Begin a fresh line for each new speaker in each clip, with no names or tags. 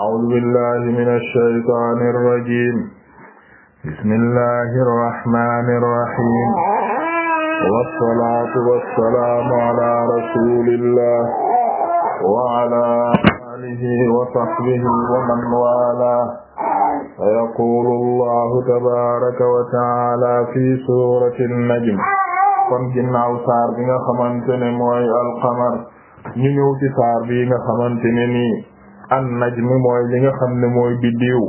أعوذ بالله من الشيطان الرجيم بسم الله الرحمن الرحيم والصلاة والسلام على رسول الله وعلى آله وصحبه ومن والاه فيقول الله تبارك وتعالى في سورة النجم kon ginnaaw saar bi nga xamante ne mooy alqamar ñu ñëw ci saar bi nga xamante ne nii an najmi mooy li nga xam ne mooy biddiw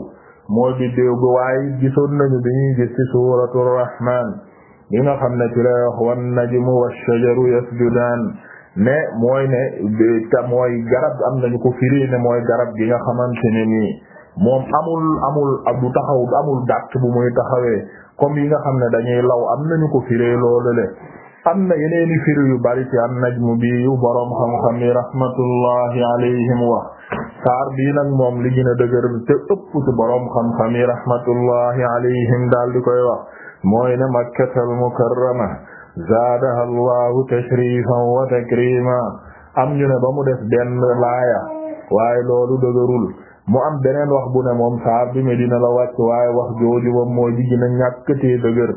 mooy biddiw bi waaye gisoon nañu bi ñuy gis ci suuratu rahmaan li nga xam ne ci lay wax wan najmu wa shajaru yasjudaan ne mooy ne ta mooy garab am nañu ko firi mooy garab gi nga xamante ne nii moom amul amul du taxaw amul dàtt bu muy taxawee comme yi nga xam ne dañuy law am nañu ko firee loolu le am na yeneeni firi yu bari ci an najmu bi yu boroom xam-xam yi rahmatullahi alayhim wax saar bii nag moom li gën a dëgër te ëpp ci boroom xam-xam yi rahmatullahi alayhim daal di koy wax mooy ne makkatal mukarrama zaadaha allahu tashrifan wa takrima am ñu ba mu def benn laaya waaye loolu dëgërul mu am beneen wax bu ne moom saar bi Medina la wàcc waaye wax jooju moom mooy li gën a dëgër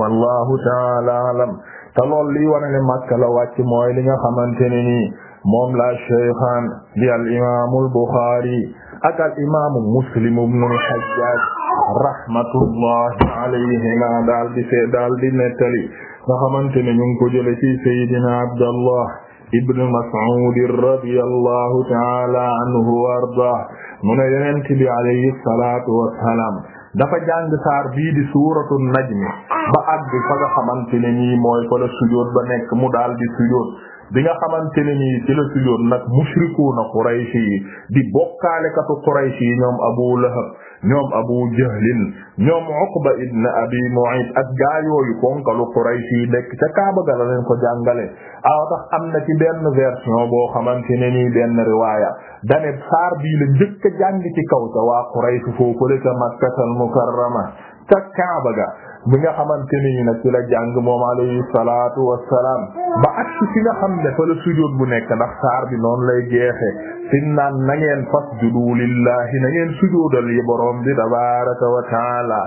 wallahu taala alam te lool li wane ne Makka la wàcc mooy li nga xamante ne nii moom la shaykhan di al imaamu al Buxaari ak al imaamu Muslim ibnu al Hajjaaj rahmatullahi alayhima daal di see daal di nettali nga xamante ne ñu ngi ko jële ci Seydina Abdallah ibnu Mas'ud radiyallahu ta'ala anhu wa ardaah mu ne Yonent bi alayhi salaatu wa salaam dafa jàng saar bii di suuratu najmi ba àgg fa nga xamante ne nii mooy fa la sujood ba nekk mu daal di sujood bi nga xamante ne nii ci la tuddoon nag mushrikuuna Quraysh yi di bokkaalekatu Quraysh yi ñoom Abu Lahab ñoom Abu Jahlin ñoom Uqba ibn Abi Mu'ayt ak gaa yooyu konkalu Quraysh yi nekk ca Kaaba ga la leen ko jàngale aw tax am na ci benn version boo xamante ne nii benn riwaaya dane saar bii la njëkk a jàng ci kaw ta waa Quraysh foofu la ca Makkatal Mukarrama ca Kaaba ga bi nga xamante ni nag ci la jàng moom alayhi salaatu wassalaam ak si fi nga xam ne fa la sujjóot bu nekk ndax saar bi noonu lay jeexe fi naan na ngeen fasjudu lillahi na ngeen sujjóotal yi borom bi tabaraka wa taala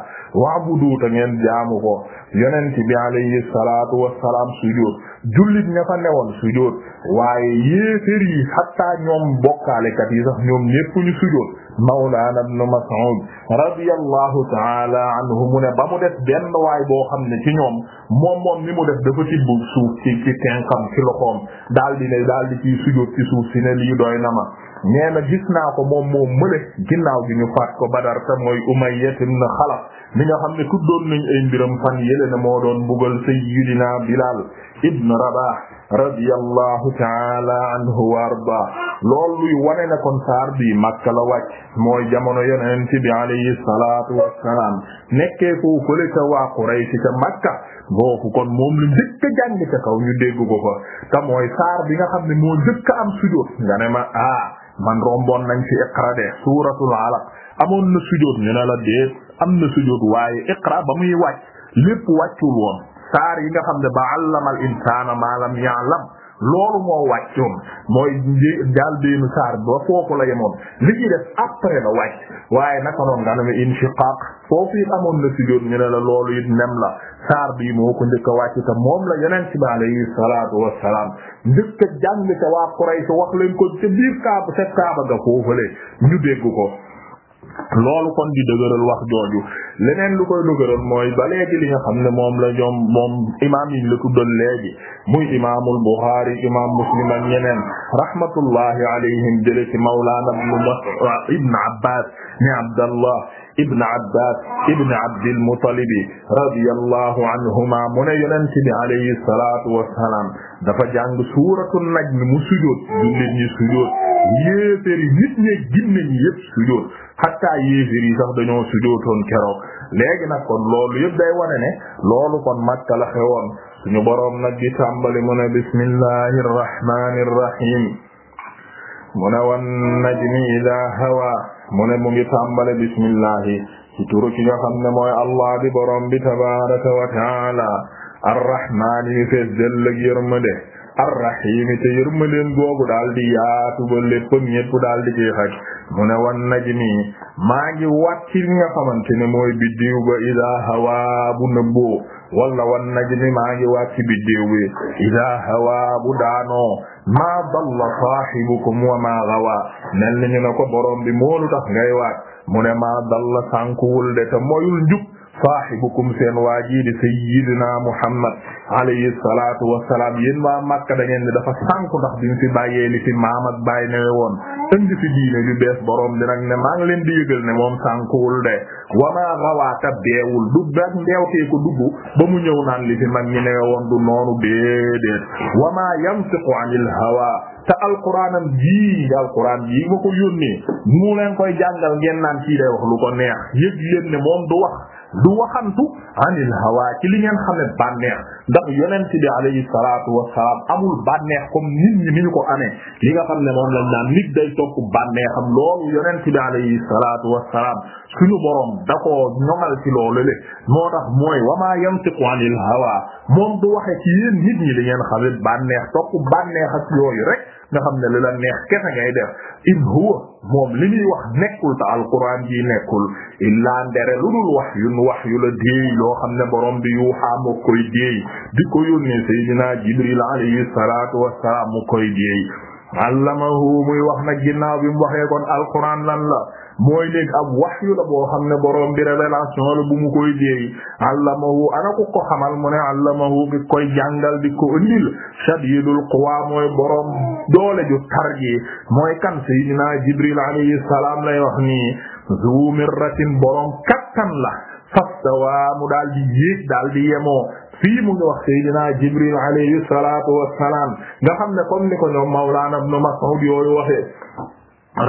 wa'budu ta ngeen jaamu ko yonent bi alayhi salaatu wassalaam sujjóot jullit ña fa newoon sujjóot waaye yéefér yi xattaa ñoom bokkaalekat yi sax ñoom ñépp ñu sujjóot mawlaana ibn Mas'ud radiyallahu taala anhu mu ne ba mu def benn waay boo xam ne ci ñoom moom moom ni mu def dafa tibb suuf ci ci tànkam ci loxoom daal di lay daal di ciy sujjóot ci suuf si ne lii doy na ma nee na gis naa ko moom moom mële ginnaaw gi ñu faat ko Badar te mooy Umayya ibn Xalaf mi nga xam ne tuddoon nañ ay mbiram fan yële ne moo doon mbugal Sayyidina Bilal ibn Rabah radiyallahu ta'ala anhu wa arda loolu luy kon saar bi Makka la wàcc mooy jamono yonent bi alayhi salaatu wassalaam nekkee foofu fële ca waa Quraysh ca Makka boofu kon moom lu njëkk a jàng ca kaw ñu dégg ko fa te mooy saar bi nga xam ne moo njëkk a am sujóot nga ne ma ah man romboon nañ fi iqra de suuratul alaq amoon na sujóot ñu ne la déet am na sujóot waaye iqra ba muy wàcc lépp wàccul woon saar yi nga xam ne ba allamal insaana maa lam ya'lam loolu moo wàccoon mooy daal beenu saar ba foofu la yemoon li ci def après la wàcc waaye naka noon nga ne ma inshiqaq foofu it amoon na sujjóot ñu ne la loolu it nem la saar bii moo ko njëkk a wàcc moom la yonent bi alayhi salaatu wassalaam njëkk a jàng ca wax leen ko ca biir kaaba ca kaaba ga foofule ñu dégg ko loolu kon di dëgëral wax jooju leneen lu koy dëgëral mooy ba léegi li nga xam ne moom la ñoom moom imaam yi la tuddal léegi muy imaamul Buxaari imaam Muslim ak ñeneen rahmatullahi alayhim jële ci mawlaana ibnu Mas'ud ibnu Abbaas ni Abdallah ibnu Abbaas ibnu Abdil Muttalib radiyallahu anhuma mu ne yonent bi alayhi salaatu wassalaam dafa jàng suuratu najm mu sujóot jullit ñi sujóot yéeféer nit ñee ginne yépp sujjóot xattaa yéeféer sax dañoo sujjóotoon keroog léegi nag kon loolu yépp day wane ne loolu kon Makka la xewoon boroom nag di tàmbali mu ne bismillahi irrahmani irrahim mu ne wan najmi idaa hawa mu mu ngi tàmbale bismillahi ci turu ki ne mooy allah di boroom bi tabaraka wa taala arrahmaani mi fees dellëg yërmande arrahimi te yërmandeem googu daal di yaatu ba lépp ñépp daal di koy xaj mu ne wan najmi maa ngi wat nga xamante ne mooy biddiw ba ida hawa bu nëbboo wala wan najmi maa ngi wat ci biddiw bi ida hawa bu daanoo maa dalla saahibukum wa maa gawa mel ni ñu ko borom bi moolu tax ngay waat mu ne maa dalla sànkuwul de te moyul njub saahibukum seen waa ji di sayyidina Muhammad alayhi salaatu wassalaam yéen waa Makka da ngeen ni dafa sànku ndax bi mu fi bàyyee li fi maam ak woon indi fi diine lu bees borom bi nag ne maa leen di yëgal ne moom sànkuwul de wamaa rawaata beewul du dak ndeewtee ko dugg ba mu ñëw naan li fi mag ne woon du noonu déedéet wamaa yantiqu anil hawa te alquranam jii alquran jii ma ko yónnee mu leen koy jàngal ngeen naan ci day wax lu ko neex yëg leen ne moom du wax du waxantu anil hawa ci li ngeen xam ne bànneex ndax yonent bi alayhi salaatu wassalaam amul bànneex comme nit ni ñu ko amee li nga xam ne moom lañ naan nit day topp bànneexam loolu yonent bi alayhi salaatu wassalaam suñu borom da ko ñoŋal ci moo tax mooy wama yantiqu anil hawa moom du waxe ci yéen nit ñi li ngeen xamit bànneex topp bànneex ak yooy rek nga xam ne li la neex kese ngay def in huwa moom li muy wax nekkul te alquran ji nekkul illaa ndere lu dul wax yun wax yu la déey loo xam ne borom bi yuuxaa moo koy déey di ko yónnee Seydina Jibril alayhi salaatu wassalaam mu koy jeey allamahu muy wax nag ginnaaw bi mu waxee kon lan la mooy léegi ab la boo xam ne boroom bi révélation la bu mu koy jeey allamahu ana ku ko xamal mu ne allamahu ki koy jàngal di ko indil shadidul quwa mooy boroom doole ju tar ji mooy kan sayyidina jibril alayhi salaam lay wax nii zu mirratin boroom kattan la fastawa mu daal di yéeg daal fii mu ngi wax Seydina Jibril alayhi salaatu wassalaam nga xam ne comme ni ko Mawlana Ibn Mas'ud yooyu waxee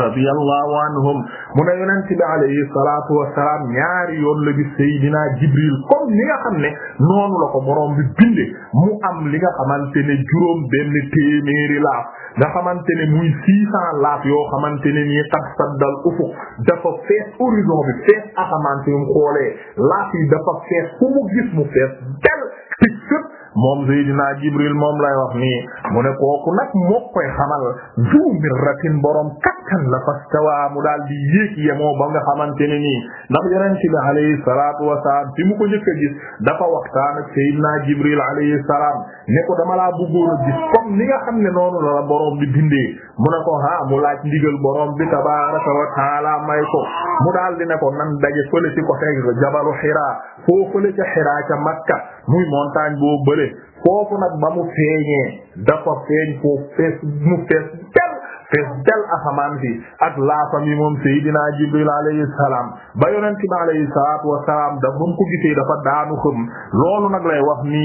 radiyallahu anhum mu ne yonent bi alayhi salaatu wassalaam ñaari yoon la gis Seydina Jibril comme ni nga xam ne noonu la ko borom bi binde mu am li nga xamante ne juróom benn téeméeri laaf nga xamante ne muy six laaf yoo xamante ne nii tax saddal ufuq dafa fees horizon bi fees asamaan si mu xoolee laaf dafa fees fu gis mu fees del ci fépp moom Seydina Jibril moom lay wax nii mu ne kooku nag moo koy xamal zu mirratin borom kattan la fastawa mu daal di yéeg yemoo ba nga xamante ne nii ndax yonent bi alayhi salaatu wasalaam fi mu ko njëkk a gis dafa waxtaan ak Seydina Jibril alayhi salaam ne ko dama laa bëggoon a gis comme ni nga xam ne noonu la borom bi bindee mu ne ko ha mu laaj ndigal borom bi tabaaraka wa taala may ko mu daal di ne ko nan daje fële ci ko teg jabalu Hira foo fële ca foofu nag ba mu feeñee dafa feeñ foofu fees mu fees del asamaan si ak laafam yi moom Seydina Jibril alayhi salaam ba yonent bi alayhi salaatu wa da bu ko gisee dafa daanu xëm loolu nag lay wax ni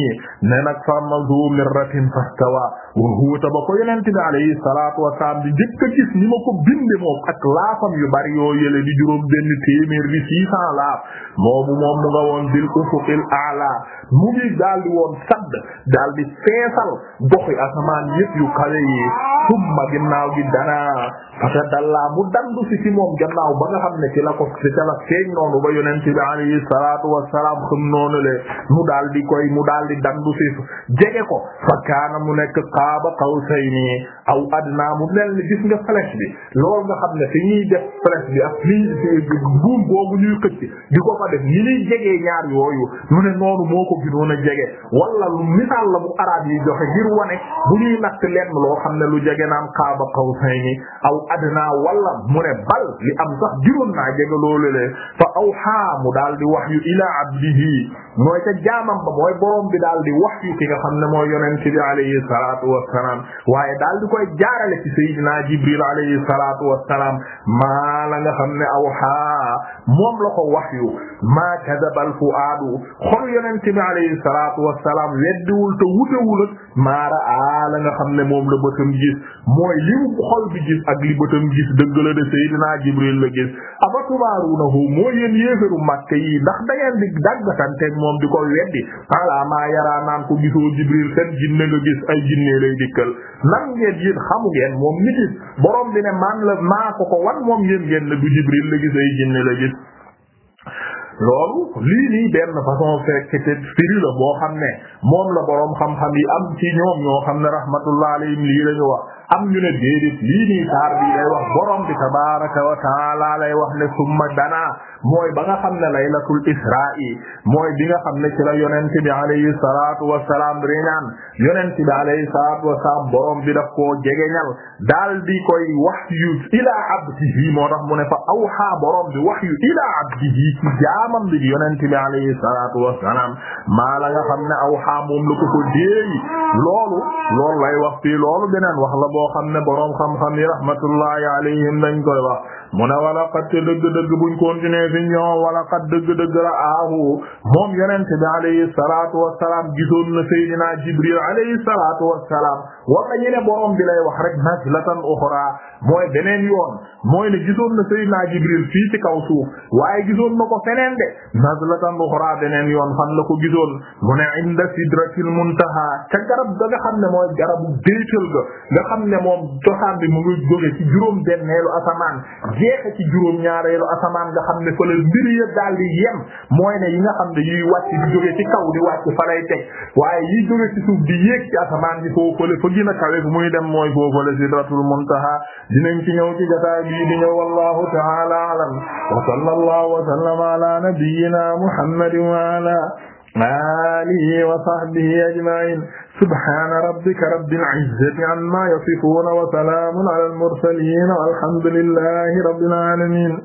ne nag farmazu mirratin fastawa wa huwa ta ba ko yonent bi alayhi salaatu di njëkk gis ni ma ko binde moom ak laafam yu bari yoo yële di juróom benn téeméer bi six cent laaf moom mu nga woon bil ufuqil a'la mu ngi daal di woon sadd daal di feesal doxi asamaan yëpp yu kawe yi summa ginnaaw dara parce que dallaa mu dandu si si moom gannaaw ba nga xam ne ci ko feeñ noonu ba yonent bi alayhi salaatu wassalaam xam noonu le mu daal di koy mu daal dandu si jege ko fa kaana mu nekk qaaba qawsayni aw adnaa mu mel ni gis bi loolu nga xam ne fi ñuy def flèche bi ak lii buum boobu ñuy xëcc di ko fa def ni ñuy jegee ñaar yooyu mu ne noonu moo ko gënoon a jege wala lu misaal la bu araab yi joxe ngir wane bu ñuy natt lenn loo xam ne lu jege naan qaaba adnaa wala mu ne bal li am sax diroon naa jega loolu le fa awxaa mu daal di wax yu ilaa abdihi mooy ca jaamam ba mooy borom bi daal di wax yu ki nga xam ne mooy yonent bi alayhi salatu wassalaam waaye daal di koy jaarale ci sayyidina jibril alayhi salatu wassalaam maa la nga xam ne awxaa moom la ko wax yu maa kadabal fuaadu xol yonent bi alayhi salatu wassalaam weddiwul te wutewul maara a la nga xam ne moom la bëtam gis mooy li xol bi gis ak li bëtam gis dëgg la de Seydina Jibril la gis afa tubaaruunahu moo yéen yéefaru Makka yi ndax da ngeen di daggatanteeg moom di ko weddi ala maa yaraa ko gisoo Jibril seen jinne nga gis ay jinne lay dikkal nan ngeen xamu ngeen moom ni gis borom bi ne man la maa ko ko wan moom yéen ngeen ne du Jibril la gis ay jinne la gis loolu lii nii benn façon fekkte firi la boo xam ne moom la boroom xam-xam yi am ci ñoom ñoo xam ne rahmatullah alayhim lii lañu wax am ñu ne déedéet lii nii saar bii lay wax boroom bi tabaraka wa taala lay wax ne summa dana mooy ba nga xam ne laylatul isra'i mooy bi nga xam ne ci la yonent bi alayhi salaatu wasalaam riñaan yonent bi alayhi salaatu wasalaam borom bi daf koo jegeñal daal di koy wahyu ilaa abdihi moo tax mu ne fa awha borom bi wahyu ilaa abdihi ci jaamam bi di yonent bi alayhi salaatu wasalaam maa la nga xam ne awha moom la ko ko déeyi loolu loolu lay wax fii loolu beneen wax la boo xam ne borom xam-xam yi rahmatullahi alayhim dañ koy wax mu ne wala xatte dëgg-dëgg buñ continuer ñoo wala xat dëgg-dëgg la aahu moom yonente bi alayhi salaatu wassalaam gisoon na Seydina Jibril alayhi salaatu wassalaam wala ñu ne borom bi lay wax rek nazlatan uxra mooy beneen yoon mooy ne gisoon na Seydina Jibril fii ci kaw suuf waaye gisoon na ko feneen de nazlatan uxra beneen yoon fan la ko gisoon mu ne inda sidratil muntaha ca garab ga nga xam ne mooy garabu déytal ga nga xam ne moom doxaan bi mu ngi jóge ci juróom benneelu asamaan jeexe ci juróom ñaareelu asamaan nga xam ne ko la mbir ya daal di yem mooy ne yi nga xam ne yuy wàcc di jóge ci kaw di wàcc fa lay teg waaye yiy jóge ci suuf di yéeg ci asamaan bi foofale fa gën a kawe bu muy dem mooy foofale sidratul muntaha dinañ ci ñëw ci jotaay bi di ñëw wallahu ta'ala alam wa sallallahu wa sallama ala nabiyyina muhammadin wa ala alihi wa sahbihi ajma'in subhana rabbika rabbil izzati amma yasifuna wa salamun ala al mursalin walhamdulillahi rabbil alamin